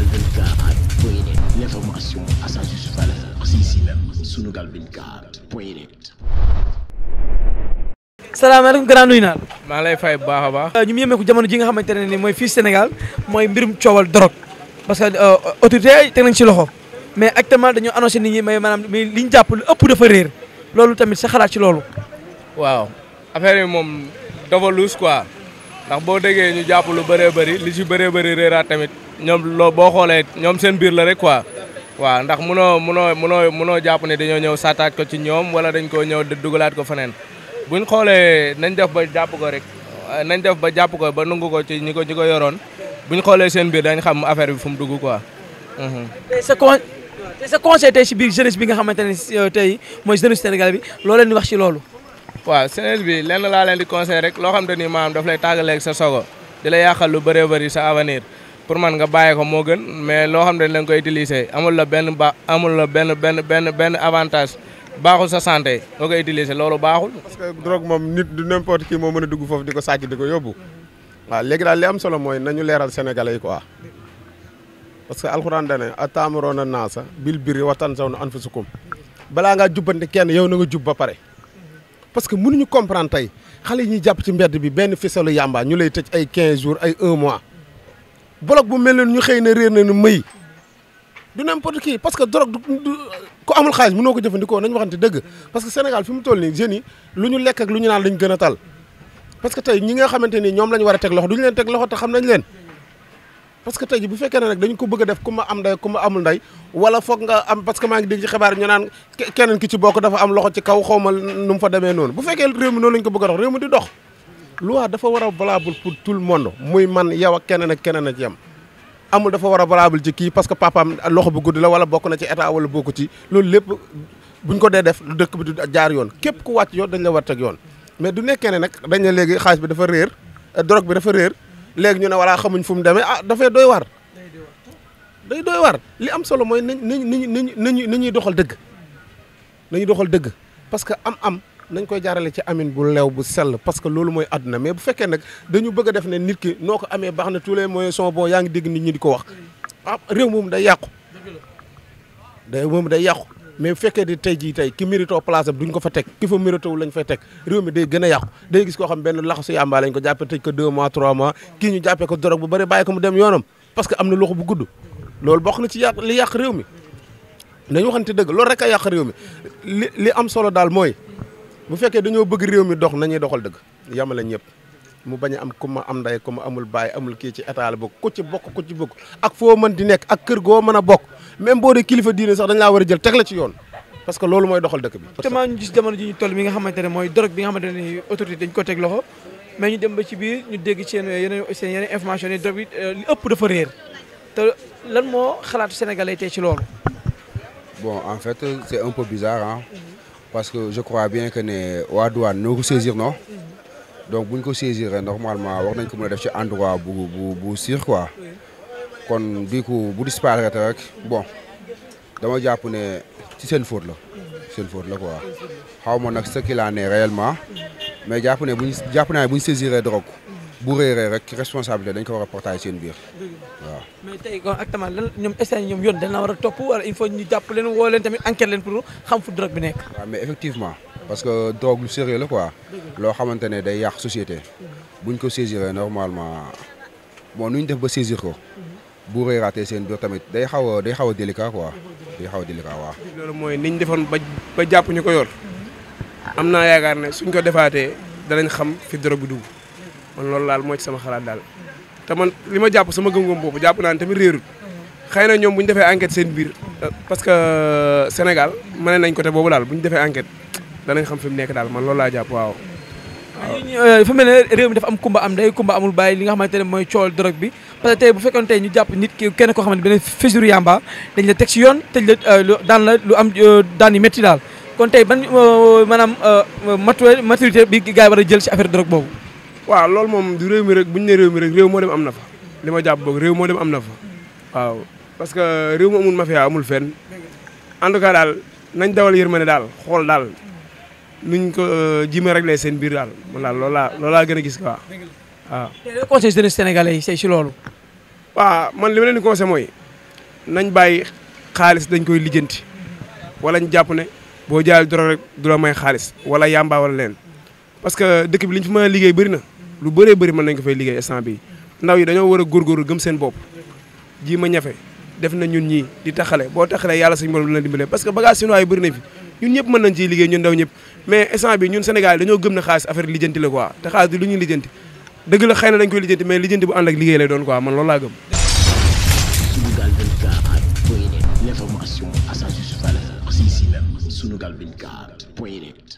Sunugal 24 point net l'information à sa la. maa lay bu baax a baax. Euh, ñu ngi yëmeeku jamono ji nga xamante ne nii mooy fii Sénégal mooy mbirum coowal drogue parce que euh, autorité teg nañ ci loxo mais actuellement dañoo annoncé nit ñi may maanaam li ñu jàpp lu ëpp dafa réer loolu tamit sa xalaat ci loolu. waaw affaire moom dafa luus quoi. ndax boo déggee ñu jàpp lu bëree bëri li ci bëree bëri réeraat tamit ñoom loo boo xoolee ñoom seen biir la rek quoi waaw ndax munoo munoo munoo munoo jàpp ne dañoo ñëw saataat ko ci ñoom wala dañ koo ñëw dugalaat ko feneen buñ xoolee nañ def ba jàpp ko rek nañ def ba jàpp ko ba nungu ko ci ñi ko ñi ko yoroon buñ xoolee seen biir dañ xam affaire bi fu mu dugg ko mhm. te sa conseil tey si biir jeunesse bi nga xamante ne euh, tey mooy jeunesse Sénégal bi loo leen di wax ci loolu. waaw jeunesse bi lenn laa leen di conseil rek loo xam te ni maam daf lay tàggaleeg sa sogo di la yàqal lu bëree bëri sa avenir pour man nga bàyyi ko moo gën mais loo xam ne dañ koy utiliser amul la benn ba amul la benn benn benn benn avantage baaxul sa sante nga koy utiliser loolu baaxul. parce que moom nit du n'importe qui moo mën a dugg foofu di ko sàcc di ko yóbbu waaw léegi daal li am solo mooy nañu leeral sénégalais yi quoi parce que alxuraan da ne ataamuroona naasa bil birri wa tansawna anfusakum balaa ngaa jubbante kenn yow na nga jub ba pare. parce que mënuñu comprendre tey xale yi jàpp ci mbedd bi benn fisalu yàmba ñu lay tëj ay 15 jours ay 1 mois bloc bu mel noonu ñu xëy na réer na nu may du n'importe qui parce que drogue du ku amul xaalis mënoo ko jëfandikoo nañ waxante dëgg parce que Sénégal fi mu toll nii jeunes lu ñu lekk ak lu ñu naan lañ gën a tal parce que tey ñi nga xamante ni ñoom la ñu war a teg loxo du ñu leen teg loxo te xam nañ leen. parce que tey ji bu fekkee ne nag dañu ko bëgg a def ku am nday ku ma amul nday wala foog nga am parce que maa ngi dégg ci xibaar ñu keneen ki ci bokk dafa am loxo ci kaw xawma nu mu fa demee noonu bu fekkee réew mi noonu lañu ko bëgg a dox réew mi di dox loi dafa war a valable pour tout le monde muy man yow ak keneen ak keneen a ci yem dafa war a valable ci kii parce que papaam loxo bu gudd la wala bokk na ci état wala bokku ci loolu lépp buñ ko dee def dëkk bi du jaar yoon képp ku wàcc yoon dañ la war teg yoon mais du nekkee ne nag léegi xaalis bi dafa réer drogue bi dafa réer léegi ñu ne walla xamuñ fu mu demee ah dafay doy waar. day doy waar li am solo mooy nañ nañ nañ nañ nañuy doxal dëgg nañuy doxal dëgg parce que am-am nañ koy jaarale ci amin bu lew bu sell parce que loolu mooy àdduna mais bu fekkee nag dañu bëgg def ne nit ki noo ko amee baax na tous les moyens sont yaa ngi dégg nit ñi di ko wax ah réew moom day yàqu. day moom day yàqu. mais bu fekkee di tey jii tey ki mérito place duñ ko fa teg ki fa mérito lañ fay teg réew mi day gën a yàqu day gis koo xam benn laxasu yàmbaa lañ ko jàppe tëj ko 2 mois 3 mois kii ñu jàppee ko dorog bu bëri bàyyi ko mu dem yoonam parce que am na loxo bu gudd loolu bokk na ci yàq li yàq réew mi nañu waxante dëgg loolu rek yàq réew mi li li am solo daal mooy bu fekkee dañoo bëgg réew mi dox nañuy doxal dëgg yamale ñëpp mu bañ am ku ma am nday ku ma amul bàyyi amul kii ci état la bokk ku ci bokk ku ci bokk ak foo mën di nekk ak kër goo mën a bokk même boo de kilifa diine sax dañ laa war a jël teg la ci yoon parce que loolu mooy doxal dëkk bi. justement ñu gis jamono ji ñu toll mi nga xamante ne mooy drogue bi nga xamante ne autorité dañ ko teg loxo mais ñu dem ba ci biir ñu dégg seen yeneen seen yeneen information ne drogue bi euh, ëpp dafa réer te lan moo xalaatu sénégalais tey ci lool bon en fait c'est un peu bizarre ah. parce que je crois bien que ne waa douane ñoo ko saisir non. Mhm. donc bu ñu ko saisir normalement war nañ ko mën a def ci endroit bu bu bu sûr quoi. kon du coup bu disparaître rek bon dama jàpp ne ci seen faute la seen faute la quoi xaw ma nag sa qu'il en réellement mais jàpp ne bu ñu jàpp naa ne bu ñu saisiree drogue bu réeree rek responsabilité dañ ko war a portaay seen biir waaw. mais tey kon ak tamit lan ñoom instant ñoom yoon dañ la war a topp wala il faut ñu jàpp leen woo leen tamit enquête leen pour xam fu drogue bi nekk. waaw mais effectivement parce que drogue lu sérieux la quoi loo xamante ne day yàq société buñ ko saisiree normalement bon nu ñu def ba saisir ko. bu réeraatee seen doo tamit day xaw a day xaw a délicat quoi day xaw a délicat waaw. loolu mooy niñ defoon ba ba jàpp ñu ko yor am naa yaakaar ne suñ ko defaatee danañ xam fi drogue bi dugg man loolu daal mooy sama xalaat daal te man li ma jàpp sama gëm-gëm boobu jàpp naa tamit réerut xëy na ñoom bu ñu defee enquête seen biir euh, parce que euh, Sénégal mën nañ côté boobu daal bu ñu defee enquête danañ xam fi mu nekk daal man loolu laa jàpp waaw. waaw euh, fa mel ne réew am kumba am day kumba amul bàyyi li nga xamante ne mooy cool drogue bi. parce que tey bu fekkoon tey ñu jàpp nit ki kenn koo xamante ne fisiru yamba dañ la teg si yoon tëj la euh, daan la lu am euh, daan yu métti daal kon tey ban euh, maanaam maturité bi gars yi war jël si affaire drogue boobu. waaw lool moom du réew mi rek bu ñu ne réew mi rek réew moo dem am na fa li ma jàpp boog réew moo dem am na fa waaw parce que réew mu ma mafia amul fenn en tout daal nañ dawal yërmande daal xool daal nuñ ko jima réglé seen biir daal man daal loolaa loolaa gën a gis quoi. waaw tey loolu conseil jeunesse sénégalais yi say si loolu. waaw man li ma leen di conseil mooy nañ bàyyi xaalis dañ koy lijjanti wala ñu jàpp ne boo jaayee doro rek du la may xaalis wala yàmbaa wala leen parce que dëkk bi li ñu fi mën a liggéey bëri na lu bëree bëri nañ ko fay liggéey instant ndaw yi dañoo war a góorgóorlu gëm seen bopp ji ma ñafe def na ñun ñii di taxale boo taxalee yàlla suñu borom dina dimbale parce que bagage chinois yi bëri fi ñun ñëpp mën nañ ciy liggéey ñun ndaw ñëpp mais instant ñun Sénégal xaalis affaire lijjanti la quoi te lu ñuy lijjanti dëgg la xëy na dañ koy lijjanti mais lijjanti bu ànd ak liggéey lay doon quoi man loolu laa gëm. Sunugal 24 point net l'information à sa juste valeur, c'est ici même Sunugal 24 point